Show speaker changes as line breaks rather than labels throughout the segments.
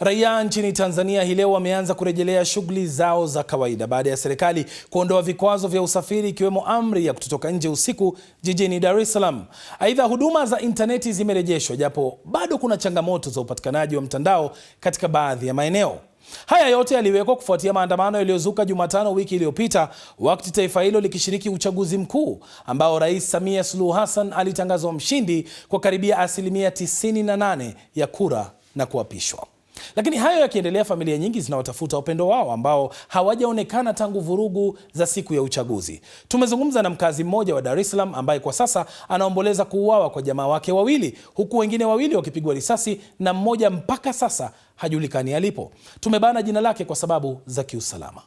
Raia nchini Tanzania hii leo wameanza kurejelea shughuli zao za kawaida baada ya serikali kuondoa vikwazo vya usafiri ikiwemo amri ya kutotoka nje usiku jijini Dar es Salaam. Aidha, huduma za intaneti zimerejeshwa japo bado kuna changamoto za upatikanaji wa mtandao katika baadhi ya maeneo. Haya yote yaliwekwa kufuatia maandamano yaliyozuka Jumatano wiki iliyopita wakati taifa hilo likishiriki uchaguzi mkuu ambao Rais Samia Suluhu Hassan alitangazwa mshindi kwa karibia asilimia 98 ya kura na kuapishwa. Lakini hayo yakiendelea, familia nyingi zinawatafuta upendo wao ambao hawajaonekana tangu vurugu za siku ya uchaguzi. Tumezungumza na mkazi mmoja wa Dar es Salaam ambaye kwa sasa anaomboleza kuuawa kwa jamaa wake wawili, huku wengine wawili wakipigwa risasi na mmoja mpaka sasa hajulikani alipo. Tumebana jina lake kwa sababu za kiusalama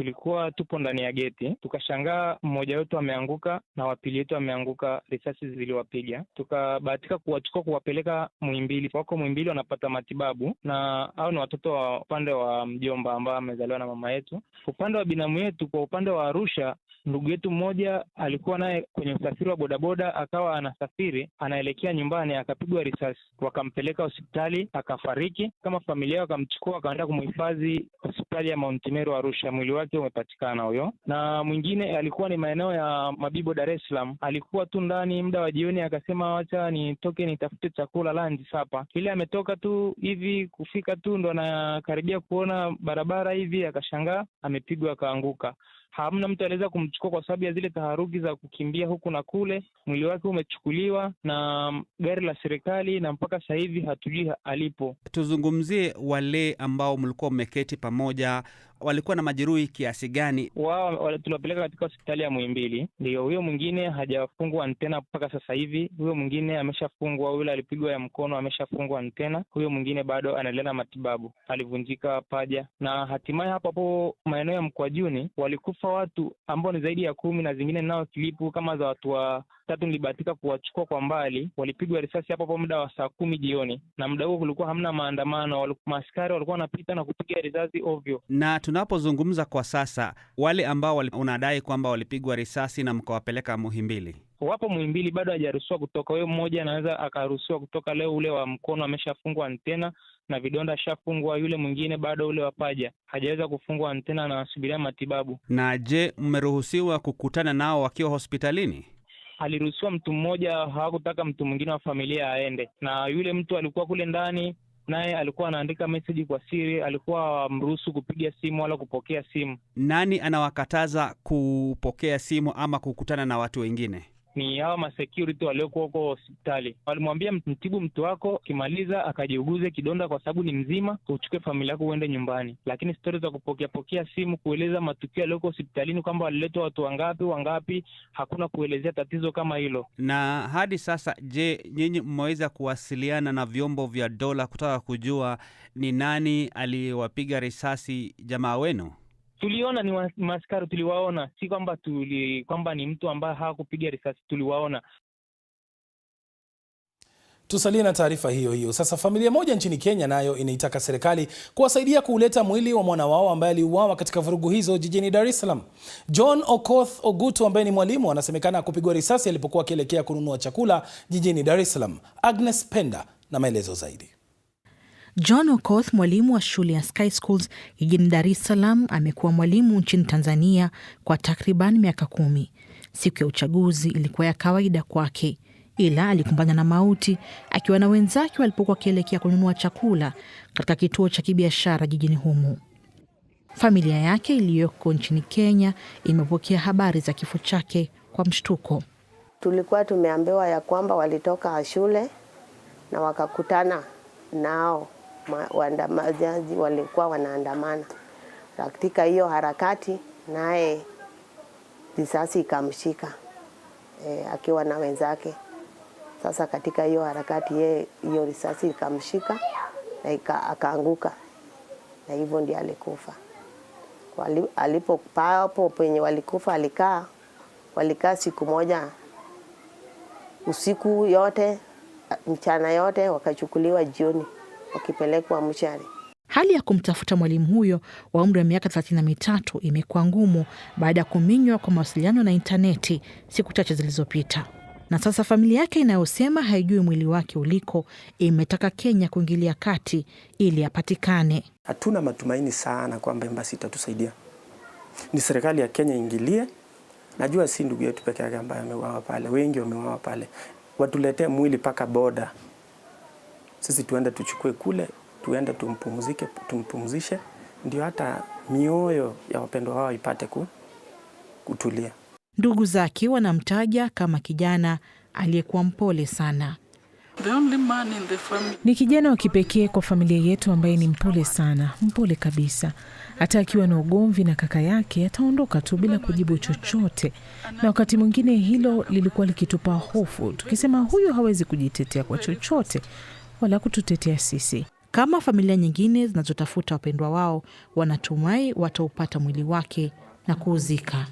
tulikuwa tupo ndani ya geti, tukashangaa mmoja wetu ameanguka na wapili wetu ameanguka, risasi ziliwapiga. Tukabahatika kuwachukua kuwapeleka mwimbili wako mwimbili wanapata matibabu, na au ni watoto wa upande wa mjomba ambao amezaliwa na mama yetu. Upande wa binamu yetu, kwa upande wa Arusha ndugu yetu mmoja alikuwa naye kwenye usafiri wa bodaboda, akawa anasafiri anaelekea nyumbani, akapigwa risasi, wakampeleka hospitali akafariki. Kama familia yao akamchukua wakaenda kumhifadhi hospitali ya Mount Meru Arusha, mwili wake umepatikana huyo. Na mwingine alikuwa ni maeneo ya Mabibo, Dar es Salaam, alikuwa tu ndani muda wa jioni, akasema wacha nitoke nitafute chakula lanji sapa. Ile ametoka tu hivi kufika tu ndo anakaribia kuona barabara hivi, akashangaa amepigwa, akaanguka hamna mtu aliweza kumchukua kwa sababu ya zile taharuki za kukimbia huku na kule. Mwili wake umechukuliwa na gari la serikali na mpaka sasa hivi hatujui alipo.
Tuzungumzie wale ambao mlikuwa mmeketi pamoja walikuwa na majeruhi kiasi gani?
Wao tuliwapeleka katika hospitali ya Muhimbili, ndio huyo mwingine hajafungwa antena mpaka sasa hivi. Huyo mwingine ameshafungwa, yule alipigwa ya mkono ameshafungwa antena. Huyo mwingine bado anaendelea na matibabu, alivunjika paja. Na hatimaye hapo hapo maeneo ya Mkwajuni walikufa watu ambao ni zaidi ya kumi na zingine nao kilipu kama za watu wa tatu nilibahatika kuwachukua kwa mbali. Walipigwa risasi hapo hapo muda wa saa kumi jioni, na muda huo kulikuwa hamna maandamano, maaskari walikuwa wanapita na kupiga risasi ovyo.
Na tunapozungumza kwa sasa, wale ambao unadai kwamba walipigwa risasi na mkawapeleka Muhimbili
wapo Muhimbili, bado hajaruhusiwa kutoka. Huyo mmoja anaweza akaruhusiwa kutoka leo, ule wa mkono ameshafungwa antena na vidonda ashafungwa. Yule mwingine bado, ule wa paja hajaweza kufungwa antena, anasubiria matibabu.
Na je, mmeruhusiwa kukutana nao wakiwa hospitalini?
aliruhusiwa mtu mmoja, hawakutaka mtu mwingine wa familia aende, na yule mtu alikuwa kule ndani naye alikuwa anaandika meseji kwa siri, alikuwa mruhusu kupiga simu wala kupokea simu.
Nani anawakataza kupokea simu ama kukutana na watu wengine?
ni hawa masecurity waliokuwa huko hospitali. Walimwambia mtibu mtu wako, ukimaliza akajiuguze kidonda, kwa sababu ni mzima, uchukue familia yako uende nyumbani. Lakini stori za kupokea pokea simu kueleza matukio yaliyoko hospitalini kwamba waliletwa watu wangapi wangapi, hakuna kuelezea tatizo kama hilo.
Na hadi sasa, je, nyinyi mmeweza kuwasiliana na vyombo vya dola kutaka kujua ni nani aliyewapiga risasi jamaa wenu?
tuliona ni maskari, tuliwaona, si kwamba tuli kwamba ni mtu ambaye hawakupiga risasi, tuliwaona.
Tusalie na taarifa hiyo hiyo. Sasa familia moja nchini Kenya nayo inaitaka serikali kuwasaidia kuuleta mwili wa mwana wao ambaye aliuawa katika vurugu hizo jijini Dar es Salaam. John Okoth Ogutu ambaye ni mwalimu anasemekana kupigwa risasi alipokuwa akielekea kununua chakula jijini Dar es Salaam. Agnes Penda na maelezo zaidi.
John Okoth, mwalimu wa shule ya Sky Schools jijini Dar es Salaam, amekuwa mwalimu nchini Tanzania kwa takriban miaka kumi. Siku ya uchaguzi ilikuwa ya kawaida kwake, ila alikumbana na mauti akiwa na wenzake walipokuwa wakielekea kununua chakula katika kituo cha kibiashara jijini humo. Familia yake iliyoko nchini Kenya imepokea habari za kifo chake kwa mshtuko.
Tulikuwa tumeambiwa ya kwamba walitoka shule na wakakutana nao waandamanaji walikuwa wanaandamana. Katika hiyo harakati, naye risasi ikamshika e, akiwa na wenzake. Sasa katika hiyo harakati yeye, hiyo risasi ikamshika na akaanguka, na hivyo ndio alikufa. Alipo papo penye walikufa, alikaa walikaa siku moja, usiku yote, mchana yote, wakachukuliwa jioni wakipelekwa mchari
Hali ya kumtafuta mwalimu huyo wa umri wa miaka thelathini na mitatu imekuwa ngumu baada ya kuminywa kwa mawasiliano na intaneti siku chache zilizopita, na sasa familia yake inayosema haijui mwili wake uliko imetaka Kenya kuingilia kati ili apatikane.
Hatuna matumaini sana kwamba embasi itatusaidia, ni serikali ya Kenya ingilie. Najua si ndugu yetu peke yake ambaye ameuawa pale, wengi wameuawa pale, watuletee mwili mpaka boda sisi tuende tuchukue kule, tuende tumpumzike, tumpumzishe, ndio hata mioyo ya wapendwa wao ipate kutulia.
Ndugu zake wanamtaja kama kijana aliyekuwa mpole sana. Ni kijana wa kipekee kwa familia yetu ambaye ni mpole sana, mpole kabisa. Hata akiwa na ugomvi na kaka yake ataondoka tu bila kujibu chochote, na wakati mwingine hilo lilikuwa likitupa hofu, tukisema huyu hawezi kujitetea kwa chochote, wala kututetea sisi. Kama familia nyingine zinazotafuta wapendwa wao, wanatumai wataupata mwili wake na kuuzika.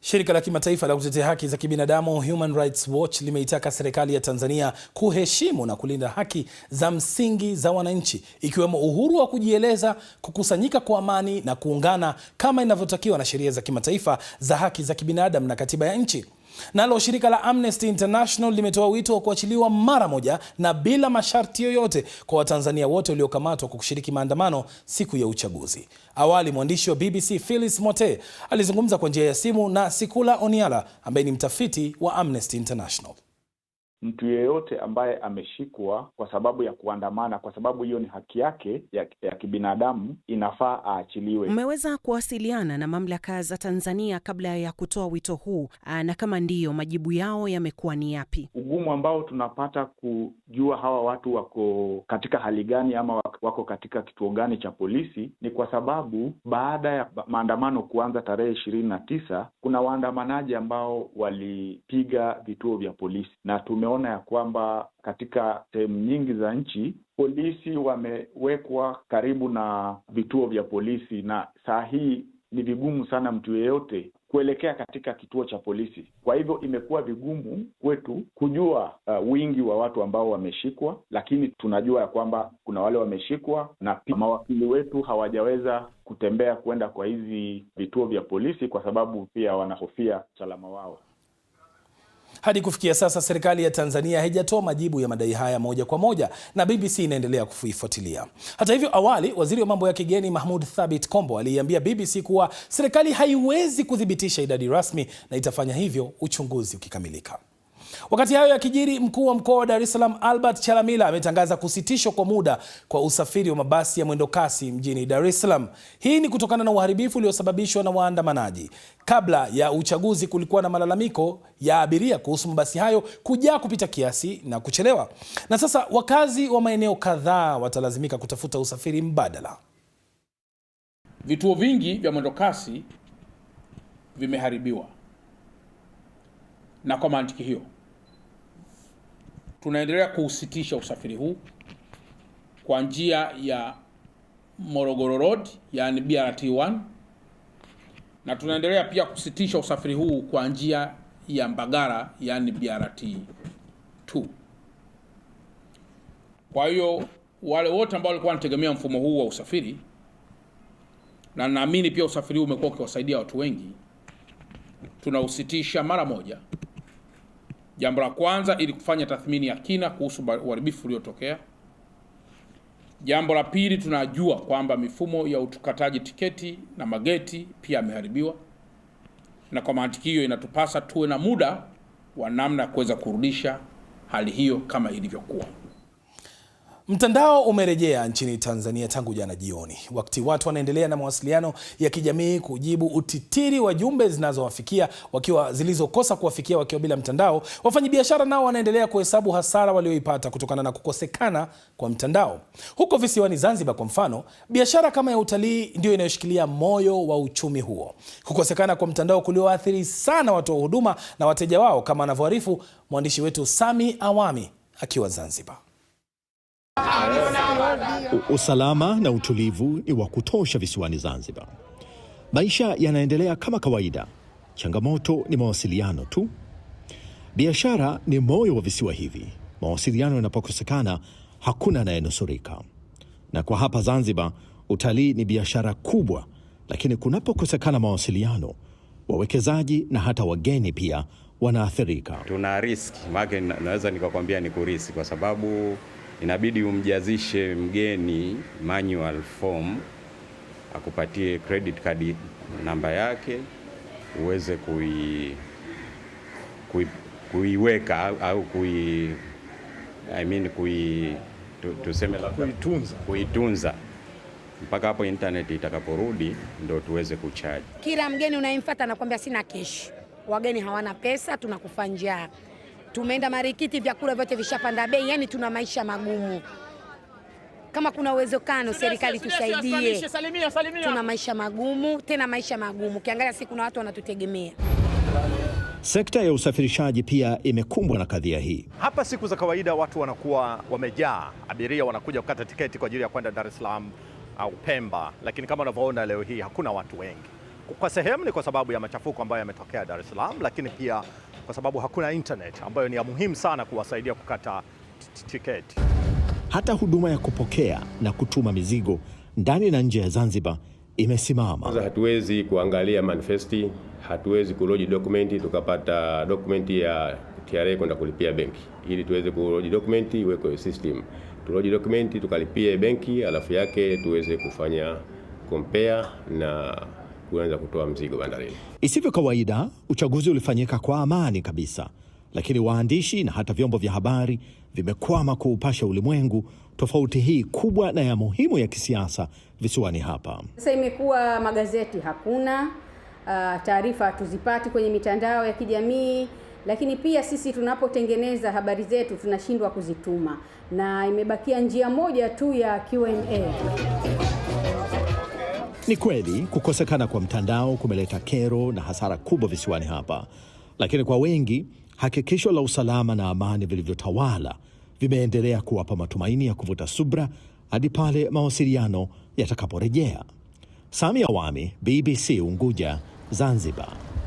Shirika la kimataifa la kutetea haki za kibinadamu Human Rights Watch limeitaka serikali ya Tanzania kuheshimu na kulinda haki za msingi za wananchi ikiwemo uhuru wa kujieleza, kukusanyika kwa amani na kuungana kama inavyotakiwa na sheria za kimataifa za haki za kibinadamu na katiba ya nchi. Nalo shirika la Amnesty International limetoa wito wa kuachiliwa mara moja na bila masharti yoyote kwa Watanzania wote waliokamatwa kwa kushiriki maandamano siku ya uchaguzi. Awali mwandishi wa BBC Phyllis Mote alizungumza kwa njia ya simu na Sikula Oniala ambaye ni mtafiti wa Amnesty International
mtu yeyote ambaye ameshikwa kwa sababu ya kuandamana, kwa sababu hiyo ni haki yake ya, ya kibinadamu, inafaa aachiliwe.
Mmeweza kuwasiliana na mamlaka za Tanzania kabla ya kutoa wito huu, na kama ndiyo, majibu yao yamekuwa ni yapi?
Ugumu ambao tunapata kujua hawa watu wako katika hali gani ama wako katika kituo gani cha polisi ni kwa sababu baada ya maandamano kuanza tarehe ishirini na tisa kuna waandamanaji ambao walipiga vituo vya polisi na tume tumeona ya kwamba katika sehemu nyingi za nchi polisi wamewekwa karibu na vituo vya polisi, na saa hii ni vigumu sana mtu yeyote kuelekea katika kituo cha polisi. Kwa hivyo imekuwa vigumu kwetu kujua uh, wingi wa watu ambao wameshikwa, lakini tunajua ya kwamba kuna wale wameshikwa, na pia mawakili wetu hawajaweza kutembea kwenda kwa hizi vituo vya polisi kwa sababu pia wanahofia usalama wao.
Hadi kufikia sasa serikali ya Tanzania haijatoa majibu ya madai haya moja kwa moja na BBC inaendelea kuifuatilia. Hata hivyo, awali waziri wa mambo ya kigeni mahmud Thabit Kombo aliiambia BBC kuwa serikali haiwezi kuthibitisha idadi rasmi na itafanya hivyo uchunguzi ukikamilika. Wakati hayo yakijiri, mkuu wa mkoa wa Dar es Salaam Albert Chalamila ametangaza kusitishwa kwa muda kwa usafiri wa mabasi ya mwendo kasi mjini Dar es Salaam. Hii ni kutokana na uharibifu uliosababishwa na waandamanaji. Kabla ya uchaguzi, kulikuwa na malalamiko ya abiria kuhusu mabasi hayo kujaa kupita kiasi na kuchelewa, na sasa wakazi wa maeneo kadhaa watalazimika kutafuta usafiri mbadala.
Vituo vingi vya mwendokasi vimeharibiwa na kwa mantiki hiyo tunaendelea kuusitisha usafiri huu kwa njia ya Morogoro Road yani BRT1, na tunaendelea pia kusitisha usafiri huu kwa njia ya Mbagala yani BRT2. Kwa hiyo wale wote ambao walikuwa wanategemea mfumo huu wa usafiri, na naamini pia usafiri huu umekuwa ukiwasaidia watu wengi, tunausitisha mara moja. Jambo la kwanza, ili kufanya tathmini ya kina kuhusu uharibifu uliotokea. Jambo la pili, tunajua kwamba mifumo ya utukataji tiketi na mageti pia yameharibiwa, na kwa mantiki hiyo inatupasa tuwe na muda wa namna ya kuweza kurudisha hali hiyo kama ilivyokuwa.
Mtandao umerejea nchini Tanzania tangu jana jioni, wakati watu wanaendelea na mawasiliano ya kijamii kujibu utitiri wa jumbe zinazowafikia wakiwa zilizokosa kuwafikia wakiwa bila mtandao. Wafanyabiashara nao wanaendelea kuhesabu hasara walioipata kutokana na kukosekana kwa mtandao. Huko visiwani Zanzibar kwa mfano, biashara kama ya utalii ndio inayoshikilia moyo wa uchumi huo, kukosekana kwa mtandao kulioathiri sana watoa wa huduma na wateja wao, kama anavyoarifu mwandishi wetu Sami Awami akiwa Zanzibar. Usalama na utulivu ni wa kutosha visiwani Zanzibar. Maisha yanaendelea kama kawaida. Changamoto ni mawasiliano tu. Biashara ni moyo wa visiwa hivi. Mawasiliano yanapokosekana, hakuna anayenusurika. Na kwa hapa Zanzibar, utalii ni biashara kubwa, lakini kunapokosekana mawasiliano, wawekezaji na hata wageni pia wanaathirika.
Tuna riski maake, naweza nikakwambia ni kurisi kwa sababu inabidi umjazishe mgeni manual form akupatie credit card namba yake uweze kui, kui, kuiweka au kui, I mean kui, tu, tuseme labda kuitunza, kuitunza mpaka hapo intaneti itakaporudi ndo tuweze kuchaji.
Kila mgeni unayemfuata anakuambia sina keshi, wageni hawana pesa, tunakufa njaa tumeenda marikiti, vyakula vyote vishapanda bei, yani tuna maisha magumu. Kama kuna uwezekano serikali tusaidie, tuna maisha magumu, tena maisha magumu. Ukiangalia si kuna watu wanatutegemea.
Sekta ya usafirishaji pia imekumbwa na kadhia hii.
Hapa siku za kawaida watu wanakuwa wamejaa, abiria wanakuja kukata tiketi kwa ajili ya kwenda Dar es Salaam au Pemba, lakini kama unavyoona leo hii hakuna watu wengi. Kwa sehemu ni kwa sababu ya machafuko ambayo yametokea Dar es Salaam, lakini pia kwa sababu hakuna internet ambayo ni ya muhimu sana kuwasaidia kukata tiketi.
Hata huduma ya kupokea na kutuma mizigo ndani na nje ya Zanzibar imesimama.
Hatuwezi kuangalia manifesti, hatuwezi kuloji dokumenti tukapata dokumenti ya TRA kwenda kulipia benki, ili tuweze kuloji dokumenti iwekwe system, tuloji dokumenti tukalipie benki, alafu yake tuweze kufanya compare na kuanza kutoa mzigo bandarini.
Isivyo kawaida, uchaguzi ulifanyika kwa amani kabisa, lakini waandishi na hata vyombo vya habari vimekwama kuupasha ulimwengu tofauti hii kubwa na ya muhimu ya kisiasa visiwani hapa.
Sasa imekuwa magazeti hakuna, uh, taarifa hatuzipati kwenye mitandao ya kijamii lakini pia sisi tunapotengeneza habari zetu tunashindwa kuzituma, na imebakia njia moja tu ya Q&A.
Ni kweli kukosekana kwa mtandao kumeleta kero na hasara kubwa visiwani hapa, lakini kwa wengi hakikisho la usalama na amani vilivyotawala vimeendelea kuwapa matumaini ya kuvuta subra hadi pale mawasiliano yatakaporejea. Sami Awami, BBC Unguja, Zanzibar.